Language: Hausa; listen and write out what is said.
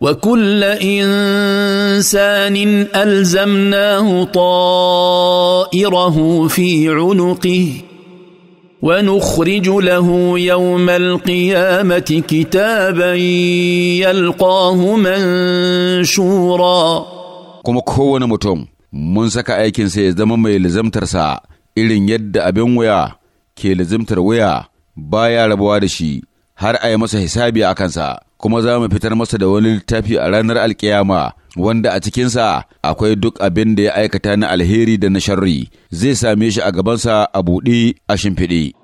وكل انسان الزمناه طائره في عنقه ونخرج له يوم القيامه كتابا يلقاه منشورا kuma kowane mutum mun saka aikinsa ya zama mai lizamtarsa irin yadda abin wuya ke lizamtar wuya baya rabuwa da shi har a yi masa hisabi a kansa kuma za mu fitar masa da wani littafi a ranar alkiyama wanda a cikinsa akwai duk abin da ya aikata na alheri da na sharri zai same shi a gabansa a buɗe a shimfiɗe.